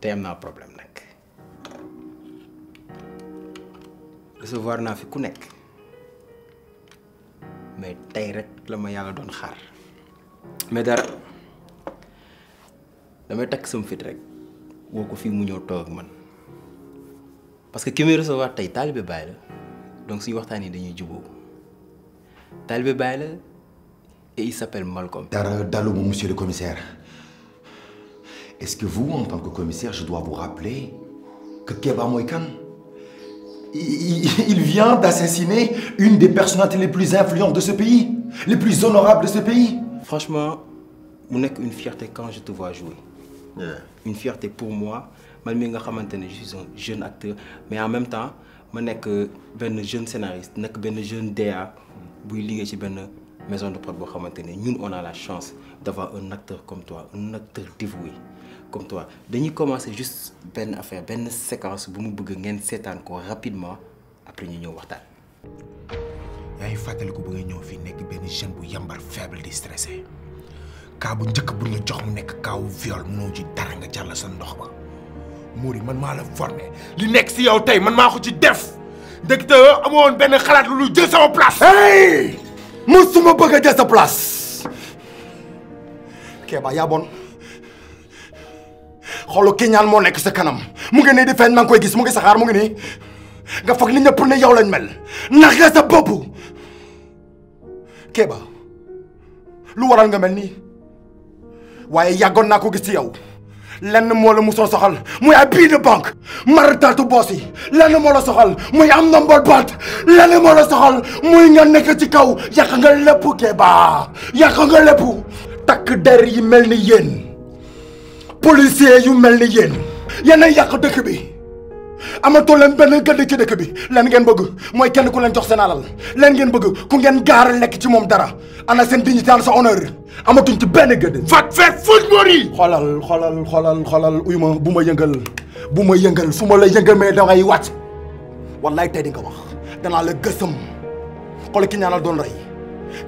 Tu am un problème voir recevoir suis fi ku mais c'est rek la que ne mais je sama fit Je ne parce que ki me recevoir aujourd'hui, c'est Talibé donc suñu et il s'appelle Malcolm. dara monsieur le commissaire. Est-ce que vous, en tant que commissaire, je dois vous rappeler que Keba Moïkan, il, vient d'assassiner une des personnalités les plus influentes de ce pays, les plus honorables de ce pays Franchement, on n'est une fierté quand je te vois jouer. une fierté pour moi je suis un jeune acteur mais en même temps je suis un jeune scénariste un jeune DA qui est maison de prod on a la chance d'avoir un acteur comme toi un acteur dévoué comme toi dañuy commencer juste ben affaire ben séquence bu mu bëgg ngeen seetaan ko rapidement après ñu ñëw waxtaan. yaa ngi fàttali ko ba nga ñëw fii nekk ben jeune bu yambar faible di stressé cas bu njëkk bu ñu jox mu nekk cas wu viol mënoo ci dara nga jàll sa ndox ba. Mouri man maa la formé li nekk si yow tey man maa ko ci def dëgg te amoon benn xalaat lu jël sa place. hey mosuma bëgg a jël sa place. Kéba yaa bon. xoolal kii ñaan moo nekk sa kanam mu ngi nii di feeñ maa ngi koy gis mu ngi saxaar mu ngi nii nga foog ni ñëpp ne yow lañ mel nax nga sa bopp lu waral nga mel nii waaye yàggoon naa ko gis ci yow lenn moo la musoon soxal muy ay billet de banque maratatu boos yi lenn moo la soxal muy am nombol baat lenn moo la soxal muy nga nekk ci kaw yàq nga lépp Kéba yàq nga lépp takk der yi mel ni yéen. policiers yu mel ni yéen yéen a yàq dëkk bi amatoo leen benn gëdd ci dëkk bi leen ngeen bëgg mooy kenn ku leen jox seen alal leen ngeen bëgg ku ngeen gaar lekk ci moom dara ana seen dignité ana sa honneur amatuñ ci benn gëdd. fat fekk fuñ mori. xoolal xoolal xoolal xoolal uyu ma bu ma yëngal bu ma yëngal fu ma la yëngal mais dangay wàcc wallaay tey di nga wax danaa la gësam xool ki ñaanal doon rey.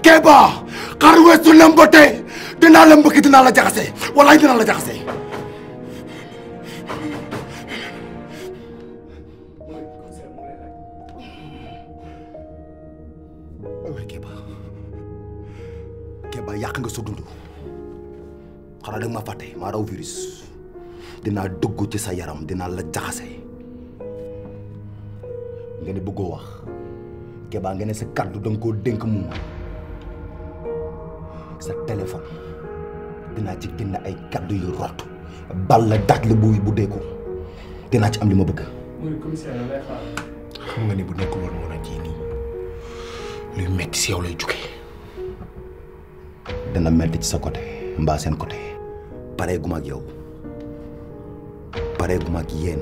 Kéba xar weesu lembote dinaa la mbëkk dinaa la jaxase wallaay dinaa la jaxase. ba yak nga so dundu xara dag ma faté ma raw virus dina dugg ci sa yaram dina la jaxassé nga ne bëggoo wax ah. kebaa ba ne sa kàddu dang ko denk mu sa téléphone dina ci génn ay kàddu yu rot bal la daaj la bu bu deeku dina ci am li ma bëgg. muy commissaire lay xaar. xam nga ni bu nekkul woon mën a kii nii metti ci yow lay jugee. dana metti ci sa côté mba sen côté paré guma ak yow paré guma ak yéen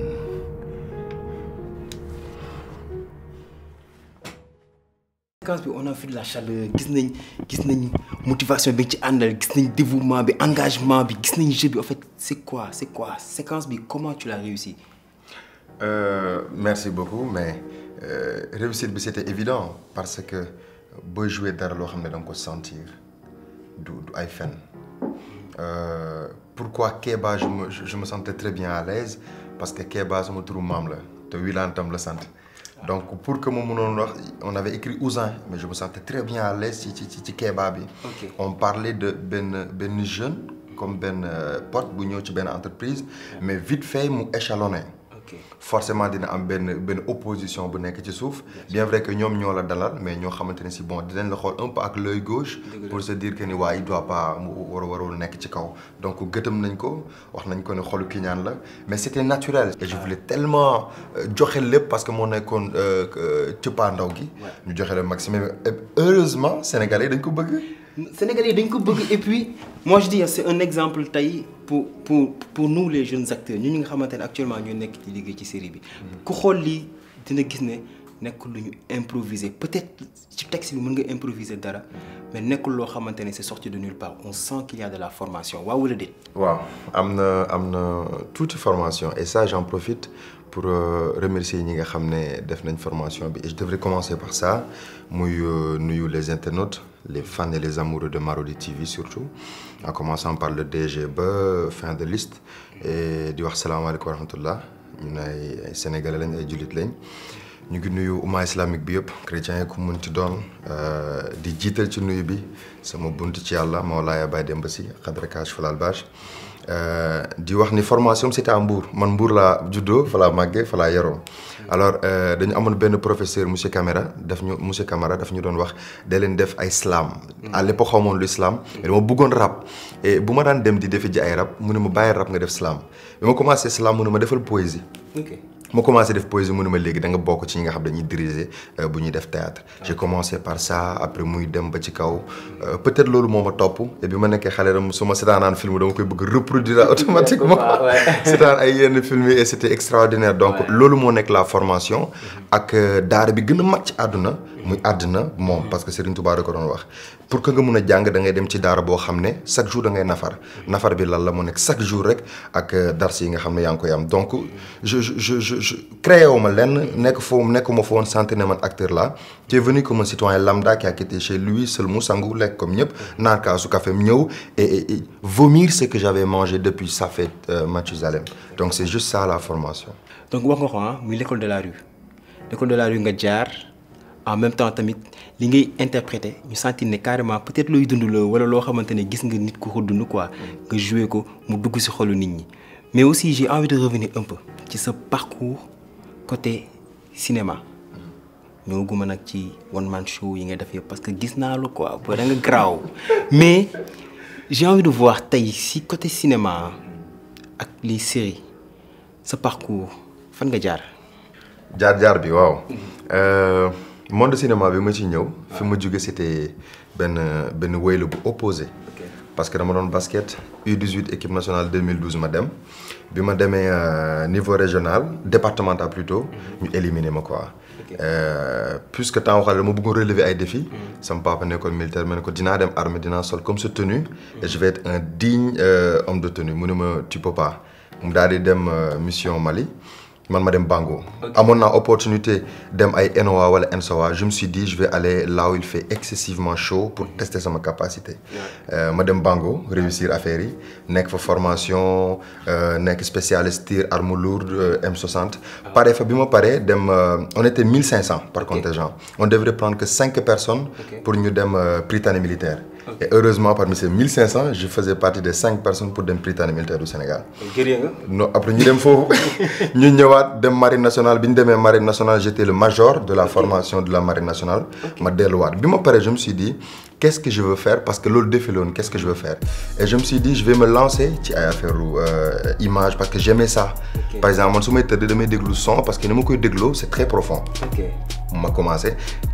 bi on a fait de la chaleur gis nañ gis nañ motivation bi ci andal gis nañ dévouement bi engagement bi gis nañ jeu bi en fait c'est quoi c'est quoi séquence bi comment tu l'as réussi euh, merci beaucoup mais euh, réussite bi c'était évident parce que booy jouer dara lo xamné ne da nga ko sentir du euh, pourquoi Kéba je me je me sentais très bien à l'aise parce que Kéba me turu maam la te Wilane le donc pour que mon on avait écrit Ouzan, mais je me sentais très bien à l'aise ci ci Kéba on parlait de ben ben jeune comme ben euh, porte bu ñëw ci entreprise mais vite fait mu échelonné forcément dina am ben ben opposition bu nek ci souf bien vrai que ñom ñoo la dalal mais ñoo xamante ci si bon dinañ la xol un peu ak l'œil gauche pour se dire que ni waa il doit pas mu war nek ci kaw donc gëtëm nañ ko wax nañ ko ni xolu kiñaan la mais c'était naturel et je voulais tellement euh, joxe lépp parce que moo nekkoon euh, euh, cëppaandaw gi ñu joxe le maximum heureusement sénégalais dañ ko bëgg Sénégalais yi dañ ko bëgg et puis moi je dis hein, c'est un exemple taille pour pour pour nous les jeunes acteurs ñu ñi nga xamante actuellement ñoo nekk ci ligue ci série bi. Hmm. ku xool lii dina gis ne nekkul lu improviser peut-être ci texte bi mën improviser dara mais nekkul loo xamante ne c'est sorti de nulle part on sent qu'il y a de la formation waaw wala déet. waaw amne amne toute formation et ça j'en profite pour euh, remercier ñi nga xam def nañ formation bi et je devrais commencer par ça muy euh, nuyu les internautes les fans et les amoureux de Marodi TV surtout en commençant par le DG ba fin de liste et di wax salaamaaleykum wa rahmatullah ñun ay sénégalais lañ ay julit lañ ñu ngi nuyu umma islamique bi yëpp chrétien yi ku mun ci doon euh, di jiital ci nuyu bi sama ma ci yàlla Mawlaaya Baye Demba Si xadrakash falal Euh, di wax ni formation c'était à Mbour man mbuur laa juddoo fa laa màggee fa laa yaroo alors euh, dañu amoon benn professeur monsieur Camara daf ñu monsieur Camara daf ñu doon wax da leen def ay salaam à mm. l'époque xamoon lu slam mais dama bëggoon rap et bu ma daan dem di defi ji ay rap mu ne mu bàyyi rap nga def salaam bi ma commencé salaam mu ne ma defal poésie Je commencé def poésie ma da nga ci euh, théâtre j'ai commencé par ça après muy dem ba ci kaw euh, peut-être que moo ma topp te bi ma je ram à ma un film je koy reproduire automatiquement C'est un film et c'était extraordinaire donc c'est la formation mm-hmm. ak que euh, bi gën a à ci muy àddina mom mm-hmm. parce que Serigne Touba rek ko doon wax pour que nga mëna jang da ngay dem ci dara bo xamné chaque jour da ngay nafar nafar bi lan la mo nek chaque jour rek ak euh, dars yi nga xamné yang yaa ngi koy am donc mm-hmm. je je je je créé wu ma lenn nekk foo nekkuma fa woon santé ne man acteur là qui est venu comme un citoyen lambda qui a quitté chez lui seul mu sangu lekk comme ñëpp mm-hmm. naan kaasu café mu ñëw et et vomir ce que j'avais mangé depuis ça fait euh, Mathusalem donc c'est juste ça la formation. donc wax nga ko ah muy l'école de la rue l'école de la rue nga jaar en même temps tamit li ngay interpréter ñu senti ne carrément peut-être looy dund lo wala lo xamante ne gis nga nit ko ko dund quoi nga jouer ko mu dugg ci xolu nit ñi mais aussi j'ai envie de revenir un peu ci ce parcours côté cinéma ñoo guma nag ci one man show yi nga def yëpp parce que gis naa quoi booy da nga graw mais j'ai envie de voir tay si côté cinéma ak les séries ce parcours fan nga jaar. jaar jaar bi waaw. Euh, monde cinéma bi ma ci ñëw fi ma jóge c'était ben ben wéylu bu opposé parce que dama don basket U18 équipe nationale 2012 ma dem bi ma démé euh, niveau régional départemental plutôt ñu mhm. éliminé ma quoi euh, puisque temps waxal mo bëggu relever ay défis mhm. sama papa nekkoon militaire ma ko dina dem armée dina sol comme ce tenue et je mhm. vais être un digne euh, homme de tenue mu ne ma tu peux pas mu daal di dem mission Mali Madame Bango. amoon opportunité dem ay Enowa wala ensoa je me suis dit je vais aller là où il fait excessivement chaud pour mm. tester euh, ma capacité. Madame Bango réussir affaire yi nek fa formation euh, nek spécialiste tir armes lourde M60. Pareil.. on était 1500 par contingent on devrait prendre que 5 personnes. pour nous dem euh, militaire. Et heureusement, parmi ces 1500, je faisais partie des 5 personnes pour des prytanée militaire du Sénégal. non après nous, dem foofu ñu ñëwaat marine nationale marine nationale j'étais le major de la formation de la marine nationale. ma je me suis dit qu'est-ce que je veux faire parce que l'autre défi qu'est-ce que je veux faire et je me suis dit je vais me lancer ci ay affaire euh, image parce que j'aimais ça par exemple man su de de damay son parce que ne ma koy dégloo c'est très profond On ma commencé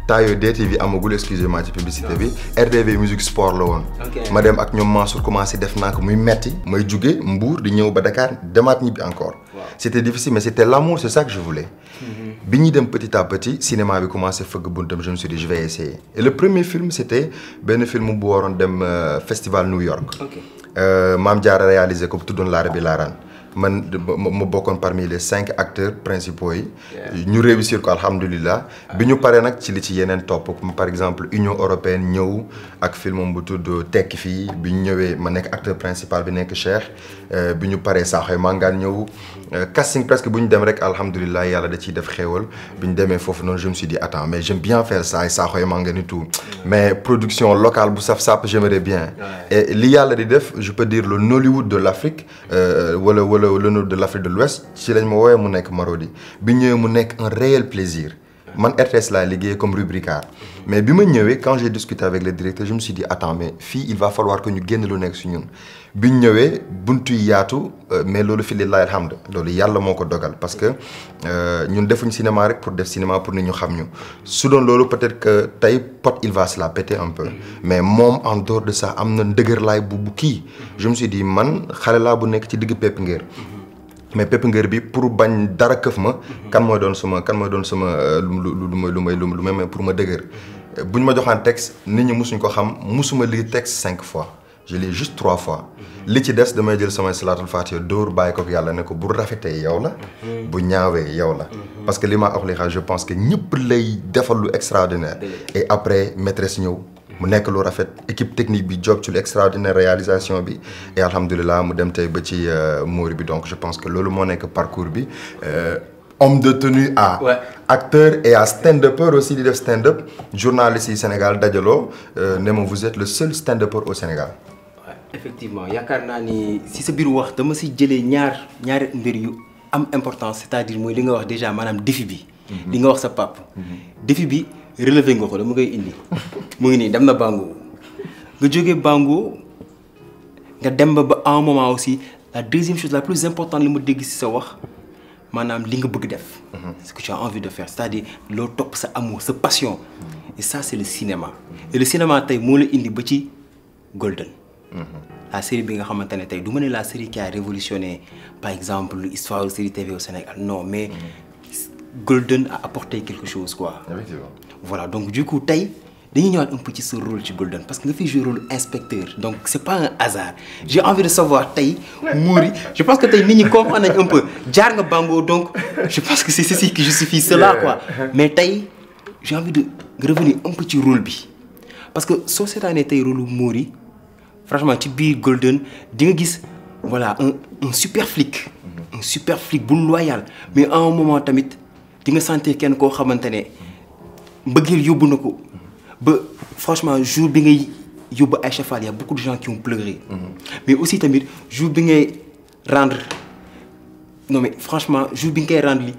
temps yooyu DTV amagul excusez-moi ci publicité bi RDV musique sport Madame woon ma dem ak ñoom Mansour commencé def naa ko muy metti may jóge Mbour di ñëw ba Dakar demaat ñibbi encore c'était difficile mais c'était l'amour c'est ça que je voulais mhm bi petit à petit cinéma bi commencé à des choses. je me suis dit je vais essayer et le premier film c'était ben film bu waroon dem euh, festival New York. ok euh, maam Diarra réalisé ko tout tuddoon Laara la Laaraan man mo bokkoon parmi les cinq acteurs principaux yi. ñu réussir ko alhamdulilah. bi ñu paree nag ci li ci yenen top comme par exemple Union européenne ñëw ak film bu tudd tekki fi bi ñewé ma nek acteur principal bi nek Cheikh. Euh, bi ñu paree Sakho Mangane ñëw euh, casting presque bu dem rek alhamdulilah yalla da ci def xéewal bi démé fofu non je me suis dit attends mais j'aime bien faire ça ay Sakho Mangane tout mais production locale bu saf sap j'aimerais bien. et li yalla di def je peux dire le Nollywood de l'Afrique euh, wala wala le nord de l'Afrique de l'Ouest si lañ suis woowee mu nekk Marodi bi un réel plaisir man RTS là légué comme rubricard mais quand j'ai discuté avec le directeur je me suis dit attends mais fii il va falloir que nous gagnions lu bi ñëwé buntu yaatu euh, mais lolu fi lillahi alhamd loolu yàlla dogal parce que euh, ñun defuñ cinéma rek pour def cinéma pour nit ñu xam ñu su doon lolu peut-être que tay pot il va se la péter un peu mais mom en dehors de ça amna na lay bu bu ki je me suis dit man xalé la bu nekk ci digg pepp ngéer mais pépp bi pour bañ dara keuf ma kan moy doon suma kan moy doon suma euh, lu lu may lu may lu may pour ma dëgër buñ ma joxaan texte nit ñi mosuñ ko xam mosuma li texte cinq fois je l'ai juste trois fois li ci dess damay jël sama salaatul faatiha dóor baye ko yalla ne ko bu yow la mhm. bu ñaawé yow la mhm. parce que lima je pense que ñepp lay defal lu extraordinaire et après maîtresse nous mu nekk lu rafet équipe technique bi job ci réalisation bi mhm. et alhamdulilah mu dem tay ba ci euh, donc je pense que lolu mo nekk parcours euh, homme de tenue à acteur et à stand aussi up journaliste du Sénégal dajalo euh, vous êtes le seul stand up au Sénégal effectivement Yakarna, ni si sa biir wax dama si jëlee ñaar ñaari mbir yu am importance c'est-à-dire mooy li nga wax déjà madame défi bi. Mhm. li nga wax sa pap mhm. défi bi relevé nga ko dama koy indi mu ngi nii dem na Bango nga jógee Bango nga dem ba un moment aussi la deuxième chose la plus importante li mot dégg si sa wax maanaam li nga bëgg def. Mhm. ce que tu as envie de faire c'est-à-dire loo top, sa amour sa passion et ça c'est le cinéma et le cinéma tey moo la indi ba ci Golden. Mm-hmm. la série bi nga xamante ne la série qui a révolutionné par exemple l'histoire de la série TV au Sénégal non mais mm-hmm. Golden a apporté quelque chose quoi. voilà donc du coup Tay, dañuy ñëwaat un petit rôle chez Golden parce que nga fiy un rôle inspecteur donc ce n'est pas un hasard j'ai envie de savoir Tay, Mouri je pense que Tay, nit ñi comprendre un peu jaar Bango donc je pense que c'est ceci qui justifie cela quoi mais Tay, j'ai envie de revenir un petit rôle bi parce que tu c'est un rôle Mouri franchement tu es Golden voilà un super flic. Mhm. un super flic boule loyal mais à un moment tamit di nga que tu ne mhm. franchement jour y a beaucoup de gens qui ont pleuré. Mhm. mais aussi tamit jour rendre non mais franchement jour rendre li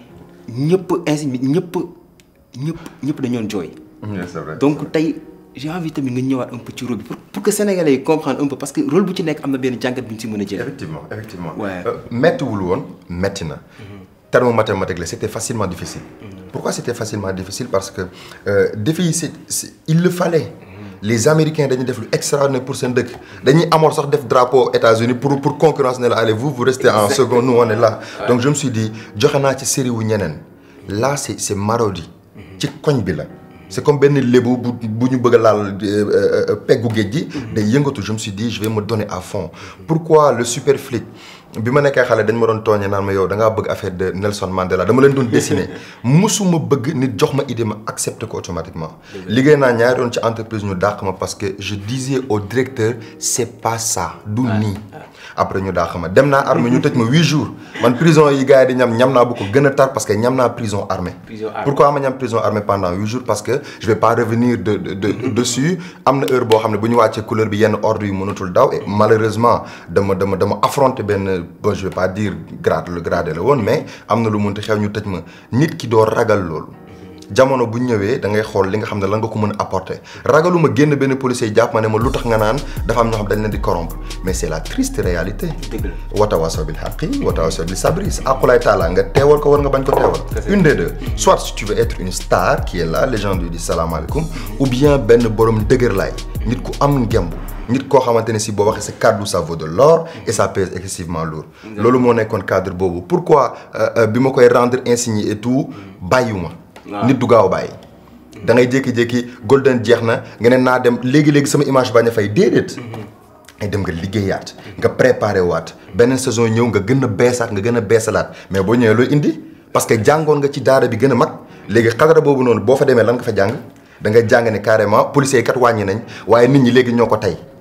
donc j'ai envie de me ñëwaat un peu ci pour que que sénégalais comprennent un peu parce que rôle bu ci nekk am benn effectivement effectivement. waaye euh, Maintenant, woon métti na. Mm-hmm. facilement difficile. Mm-hmm. pourquoi c'était facilement difficile parce que euh, défi il le fallait. Mm-hmm. les américains ont fait lu extraordinaire pour seen Ils dañuy amoon sax def drapeau États-Unis pour pour concurrence allez vous vous restez en second nous on est là. donc je me suis dit je ci série wu là c'est Marodi. ci c'est comme si euh, euh, euh, on mm-hmm. je me suis dit je vais me donner à fond. Mm-hmm. pourquoi le super flic je suis ma affaire de Nelson Mandela dama automatiquement. Mm-hmm. entreprise parce que je disais au directeur c'est pas ça après ñu da xama dem naa armée ñu mhm. tej ma huit jours man prison yi gaay di ñam ñam na bu ko gëna tar parce que ñam na prison armée pourquoi ma ñam prison armée pendant huit jours parce que je vais pas revenir de de mhm. dessus amna heure bo xamne ne bu ñu couleur bi yenn ordre yu mënatul daw et malheureusement dama dama dama affronter Ben bon je vais pas dire grade le grade la won mais amna lu mënti xew ñu tej ma nit ki do ragal loolu jamono bu ñëwé da ngay xol li nga ne nga ko a apporter nga naan mais c'est la triste réalité bil bil sabri taala nga ko war nga bañ deux soit si tu veux être une star qui est là légende du salam disent ou bien ben borom dëgër lay nit ku am ngemb nit ko si ça vaut de l'or et ça pèse excessivement lourd cadre pourquoi euh, euh, koy rendre et tout Bayou nit du gaaw bàyyi. da ngay jékki-jékki golden jeex na nga ne naa dem léegi-léegi sama image bañ fay déedéet. ay mm-hmm. dem nga liggéeyaat nga préparé waat beneen saison ñëw nga gën a beesaat nga gën a beesalaat mais boo ñëwee looy indi parce que jàngoon nga ci daara bi gën a mag léegi xadara boobu noonu boo fa demee lan nga fa jàng da nga jàng ne carrément policiers yi kat wàññi nañ waaye nit ñi léegi ñoo ko tey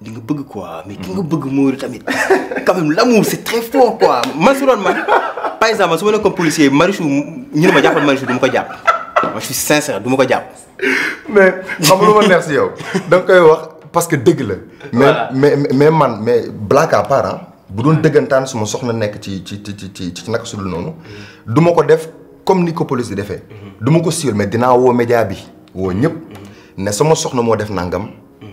nga quoi mais ki nga mm-hmm. bëgg quand même l'amour c'est très fort quoi mais suis par exemple je suis comme policier Marichou je ne ma jàppal Marichou du ko je suis sincère je ko mais xam lu ma parce que dëgg la. mais mais mais mais blague à part hein, bu doon dëggantaan su soxna nekk ci ci ci ci ko def comme ni ko police di defee. Mm-hmm. ko suivre mais média bi je mm-hmm. nangam.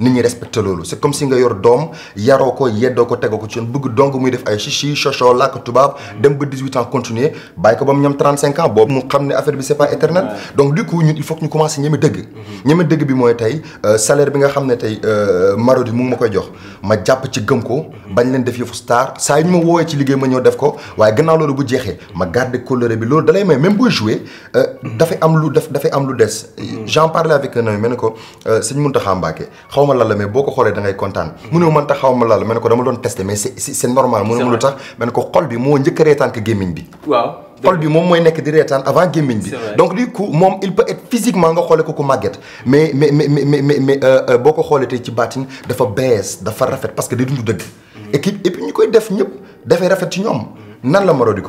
nit ñi respecté loolu c'est comme si nga yor doom yaroo ko yeddoo ko tegoo ko ci yoon bëgg donc muy def ay chichi chocho làkk tubaab dem ba 18 ans continuer bàyyi ko ba mu ñam 35 ans boobu mu xam ne affaire bi c'est pas éternel donc du coup ñun il faut que ñu commencer ñeme dëgg ñeme dëgg bi mooy tey euh, salaire bi nga xam ne tey euh, Marodi mu ngi ma koy jox ma jàpp ci gëm ko bañ leen def yëfu star saa ñu ma woowee ci liggéey ma ñëw def ko waaye gannaaw loolu bu jeexee ma garder coloré bi loolu dalay may même boo jouer euh, dafay am lu dafay am lu des mm-hmm. j'en parlais avec un ami ma ne ko sëñ Mountakha xaw mais boko xolé da ngay mm-hmm. man pas ma mais c'est normal lu tax ko xol bi a que bi waaw xol bi mom moy nek di avant Je bi donc du coup mom il peut être physiquement nga xolé ko mais mais mais mais mais euh, euh, boo ko ci suis dafa Je dafa rafet parce que dund deug mm-hmm. et puis ñu koy def ñëpp rafet ci ñom mm-hmm. nan la di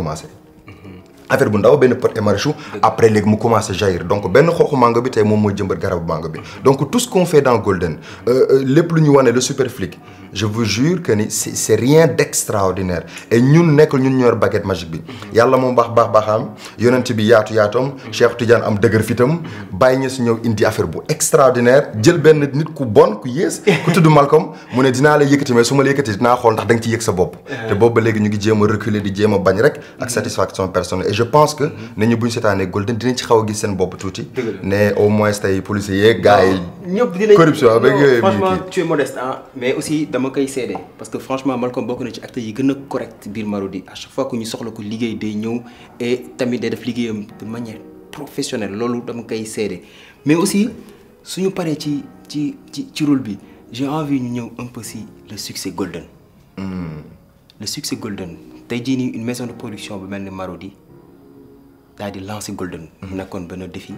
affaire bu ndaw ben pot et Marichou après léegi mu commencé jaillir donc ben xoxu manga bi tay mom mo jëmbat garab manga bi donc tout ce qu'on fait dans Golden euh, euh, lepp lu ñu wane le super flic je vous jure que c'est rien d'extraordinaire et ñun nek ñun ñor baguette magique bi yalla mom bax bax baxam yonent bi yaatu yaatoom Cheikh Tidiane am deuguer fitam bay ña si ñëw indi affaire bu extraordinaire jël ben nit ku bonne ku yes ku tudd Malcolm mu ne dina la yëkëti mais suma la yëkëti n'a xol ndax da nga ci yëk sa bop eh. te bop ba légui ñu ngi jëma reculer di jëma a bañ rek ak satisfaction personnelle je pense que nous ñi un Golden dinañ ci xaw gis seen bopp tuuti. ne au moins tay police yé gaay yi. dinañ corruption avec yooyu. franchement tu es modeste hein mais aussi dama koy seede parce que franchement Malcolm bokku na ci acte yi gëna correct Bir Marodi à chaque fois que ñu soxla ko liggéey day ñëw et tamit day def liggéeyam de manière professionnelle lolu dama koy seede mais aussi suñu paré ci ci ci rôle bi j'ai envie ñu ñëw un peu ci le succès Golden. Hmm. le succès Golden tay jii une maison de production bu melni Marodi d'aller lancer Golden. Mhm. mu nekkoon benn défi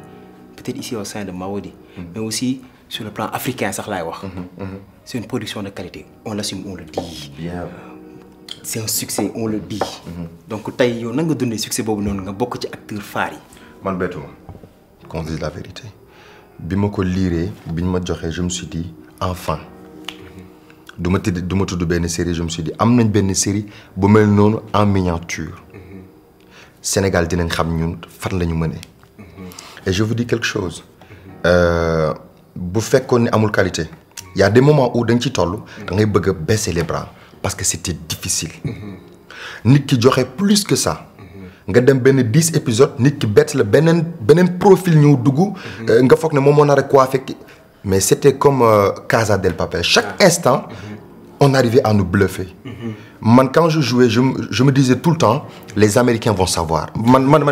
peut-être ici au sein de Mawodi. Mhm. mais aussi sur le plan africain sax laay wax. Mhm. c'est une production de qualité on l'assume on le dit. bien c'est un succès on le dit. donc tey yow nan nga succès boobu noonu nga bokk ci acteurs phares yi. man bettu qu'on dise la vérité bi ma ko liiree ma joxee je me suis dit enfin du ma tudd du ma série je me suis dit am nañ benn série bu mel noonu en miniature. Sénégal dinañ xam ñun fan lañu et je vous dis quelque chose euh, bu fekkoon ne amul qualité. il y a des moments où dañ ci tollu da ngay bëgg a baisser les bras parce que c'était difficile. nit ki joxé plus que ça. nga dem ben 10 épisodes nit ki bête la benen benen profil ñëw dugg. Euh, nga fokk ne mom moo a fait. mais c'était comme euh, Casa del Papel chaque instant on arrivait à nous bluffer. Mhm. quand je jouais, je, me disais tout le temps, les Américains vont savoir.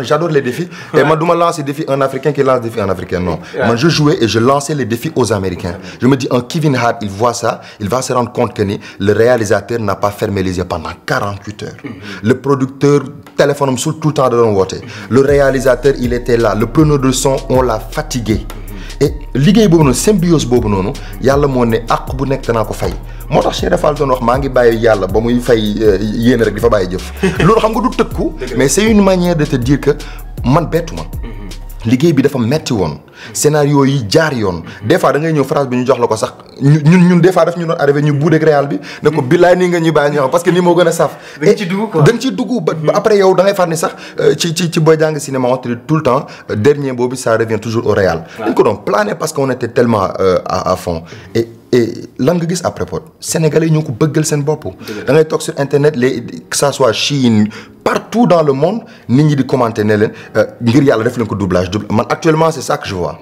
J'adore les défis. Et je lance les défis Africain qui lance les défis en Africain. Non. je jouais et je lançais les défis aux Américains. Je me dis, en Kevin Hart, il voit ça, il va se rendre compte que le réalisateur n'a pas fermé les yeux pendant 48 heures. Mhm. Le producteur téléphone tout le temps de le mhm. Le réalisateur, il était là. Le preneur de son, on l'a fatigué. liggéey boobu noonu symbiose boobu noonu yàlla moo ne àq bu nekk naa ko fay moo tax Cheikh Fall doon wax maa ngi bàyyi yàlla ba muy fay eh, yéene rek di fa bàyyi jëf loolu xam nga du ko mais c'est une de te dire que man bettuma mm-hmm. liggéey bi dafa metti woon mm-hmm. scénario yi jaar yoon des fois da ngay ñëw phrase bi ñu jox la ko sax ñun ñun des fois daf ñu doon arrivé ñu boudé réal bi parce que nous mo gëna saf eh, quoi après yow da sax euh, ci ci ci cinéma tout le temps euh, dernier bobu ça revient toujours au réal nous plané parce qu'on était tellement euh, à fond et et lan après sénégalais bëggal sen da sur internet les que ça soit Chine tout dans le monde nous avons di commenter euh, doublage actuellement c'est ça que je vois.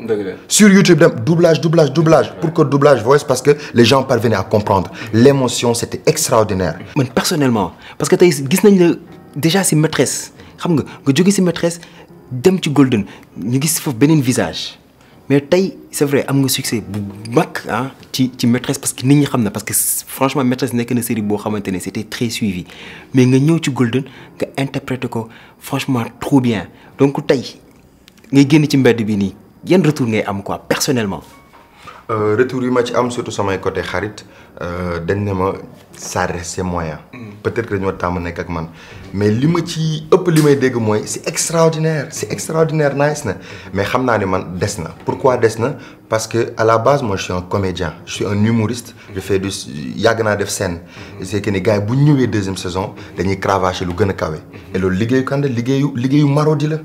sur YouTube doublage doublage doublage. pour que doublage c'est parce que les gens parvenaient à comprendre l'émotion c'était extraordinaire. man personnellement parce que tu gis déjà ci maîtresse tu nga nga tu es maîtresse dem ci golden Tu gis foofu beneen visage mais tay c'est vrai am nga succès bu mag ah ci ci maîtresse parce que nit ñi xam na parce que franchement maîtresse nek na série bo xamante c'était très suivi mais nga ñëw ci Golden nga interprété ko franchement trop bien donc tay ngay génn ci mbedd bi ni yan retour ngay am quoi personnellement. Euh, retour yi ma ci am surtout samay côté xarit euh, dañ ne ma ça reste moyen. Mm. peut-être que dañoo tam nek ak man mais li ma ci ëpp li may dégg mooy c'est extraordinaire c'est extraordinaire nice na mais xam naa ne man des na pourquoi des na parce que à la base moi je suis un comédien je suis un humoriste je fais du yàgg naa def scène c'est que les gars yi bu ñëwee deuxième saison dañuy cravacher lu gën a kawe et loolu liggéeyu kan la liggéeyu liggéeyu Marodi la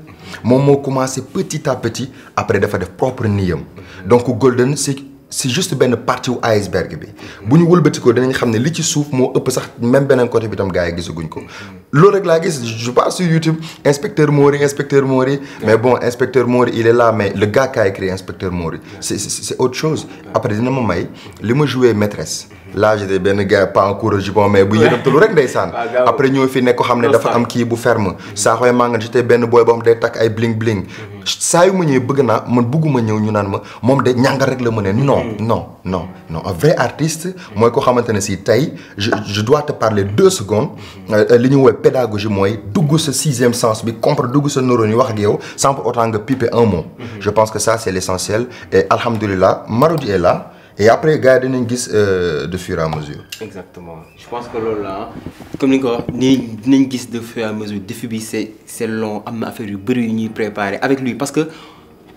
moom moo commencé petit à petit après dafa def propre niyam donc Golden c'est c'est juste une partie wu iceberg bi bu ñu wëlbatikoo vous xam ne li ci suuf moo sax même vous côté bi tam gars yi ko rek je passe sur YouTube inspecteur Mori inspecteur Mori mais bon inspecteur Mori il est là mais le gars qui a écrit inspecteur Mori c'est autre chose après je ma may li joué maîtresse l'âge de ben gars pas encore cours jupon mais bu yërëmtalu rek ndaysan ah, après ñoo fi nekk ko xamné dafa am ki bu ferme sa xoy mang j'étais ben boy bo boo xam day tak ay bling bling mm-hmm. sa yu ma ñëwee bëgg naa man bëgguma ñëw ñu naan ma mom de ñangal rek la ma non mm-hmm. non non non un vrai artiste moy ko xamante si tay je je dois te parler deux secondes mm-hmm. euh, euh, li ñu woowee pédagogie mooy dugg sa sixième sens bi comprendre duggu ce neurone wax ak yow sans pour autant nga piper un mot je pense que ça c'est l'essentiel et alhamdulillah Marodi est là et après gars une guise euh, de fur et à mesure. exactement je pense que là, là hein. comme ni ko wax nii gis de fur et à mesure défi c'est c'est long am faire affaire yu bëri préparer avec lui parce que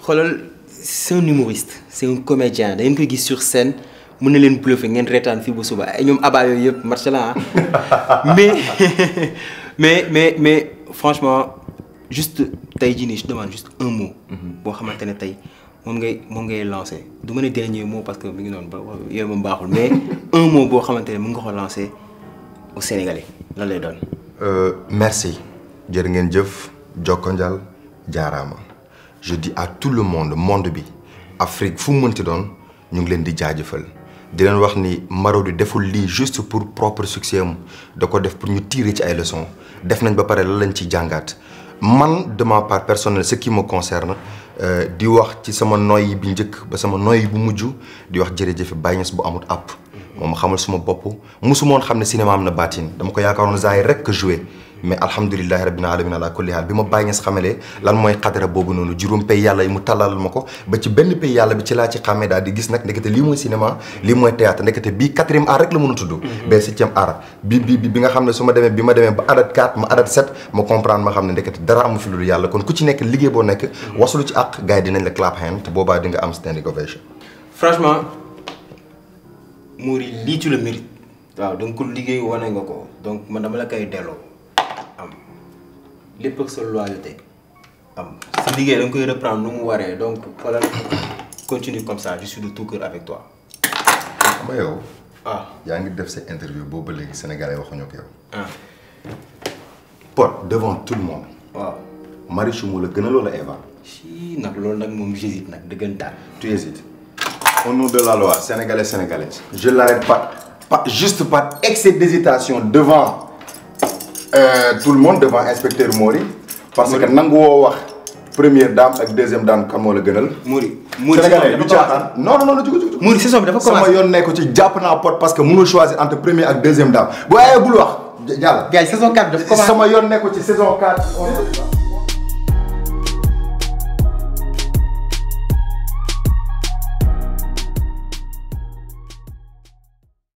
xoolal c'est un humoriste c'est un comédien da ngeen koy gis sur scène. mën na leen bluffé ngeen reetaan fii ba suba ay ñoom abaa yooyu yëpp marché la hein. mais mais mais mais franchement juste tey je demande juste un mot. Mhm. boo xamante ne tey moom ngay moom ngay lancé du ma ne dernier mot parce que mi ngi noonu ba yooyu moom baaxul mais un mot boo xamante ne mën nga ko lancé au Sénégalais lan lay doon. Euh, merci jërë ngeen jëf jokkonjal jaaraama je dis à tout le monde monde bi Afrique fu mu mënti doon ñu ngi leen di jaajëfal di leen wax ni Marodi deful lii juste pour propre succès am da ko def pour ñu tirer ci ay leçons def nañ ba pare lan lañ ci jàngaat. man de ma part personnelle ce qui me concerne euh, di wax ci sama noyyi bi njëkk ba sama noyyi bu mujj di wax jërëjëf Baye Niass bu amut app moom xamal suma bopp musuma woon xam ne cinéma am na baatin dama ko yaakaaroon zaay rek que jouer mais alhamdulilahi rabbil alamin ala kulli haal bi ma bàyyi nga xamalee lan mooy xadara boobu noonu juróom pays yàlla yi mu tàllalal ma ko ba ci benn pays yàlla bi ci laa ci xàmmee daal di gis nag ndekete lii mooy cinéma lii mooy théâtre ndekete bii quatrième art rek la mën a tudd mm-hmm. ba septième art bi bi nga xam ne su ma demee bi ma demee ba adat 4 ma adat 7 ma comprendre ma xam ne ndekete dara amu fi lu yàlla kon ku ci nekk liggéey boo nekk mm-hmm. wasulu ci àq gars yi dinañ la clap hand te boobaa di nga am standing ovation franchement Mory lii ci la nga ko liggéey wane nga man dama la koy delloo lépp sur sa loyauté am sa liggéey da nga koy reprendre nu donc voilà continue comme ça je suis de tout cœur avec toi. xam nga yow. ah gars ngi def sa interview boobu ba léegi sénégalais waxuñu ko yow. ah. pour devant tout le monde. waaw Marichou moo la gën a loola Eva. si nag loolu nag moom j'hésite nag dëggantaan. tu hésites au nom de la loi sénégalais sénégalaise. je l'arrête pas pas juste pas excès d'hésitation devant euh, tout le monde devant inspecteur Mori parce Mori. que nangu wax première dame et deuxième dame kan mo la gënal. Mori Mori du caaxaan non non non jugu jugu. Mori saison bi dafa commencé sama yoon ko ci japp na porte parce que mënul choisir entre première et deuxième dame bu ayee bul wax jàll. gars saison 4 dafa commencé sama yoon ko ci saison 4. on...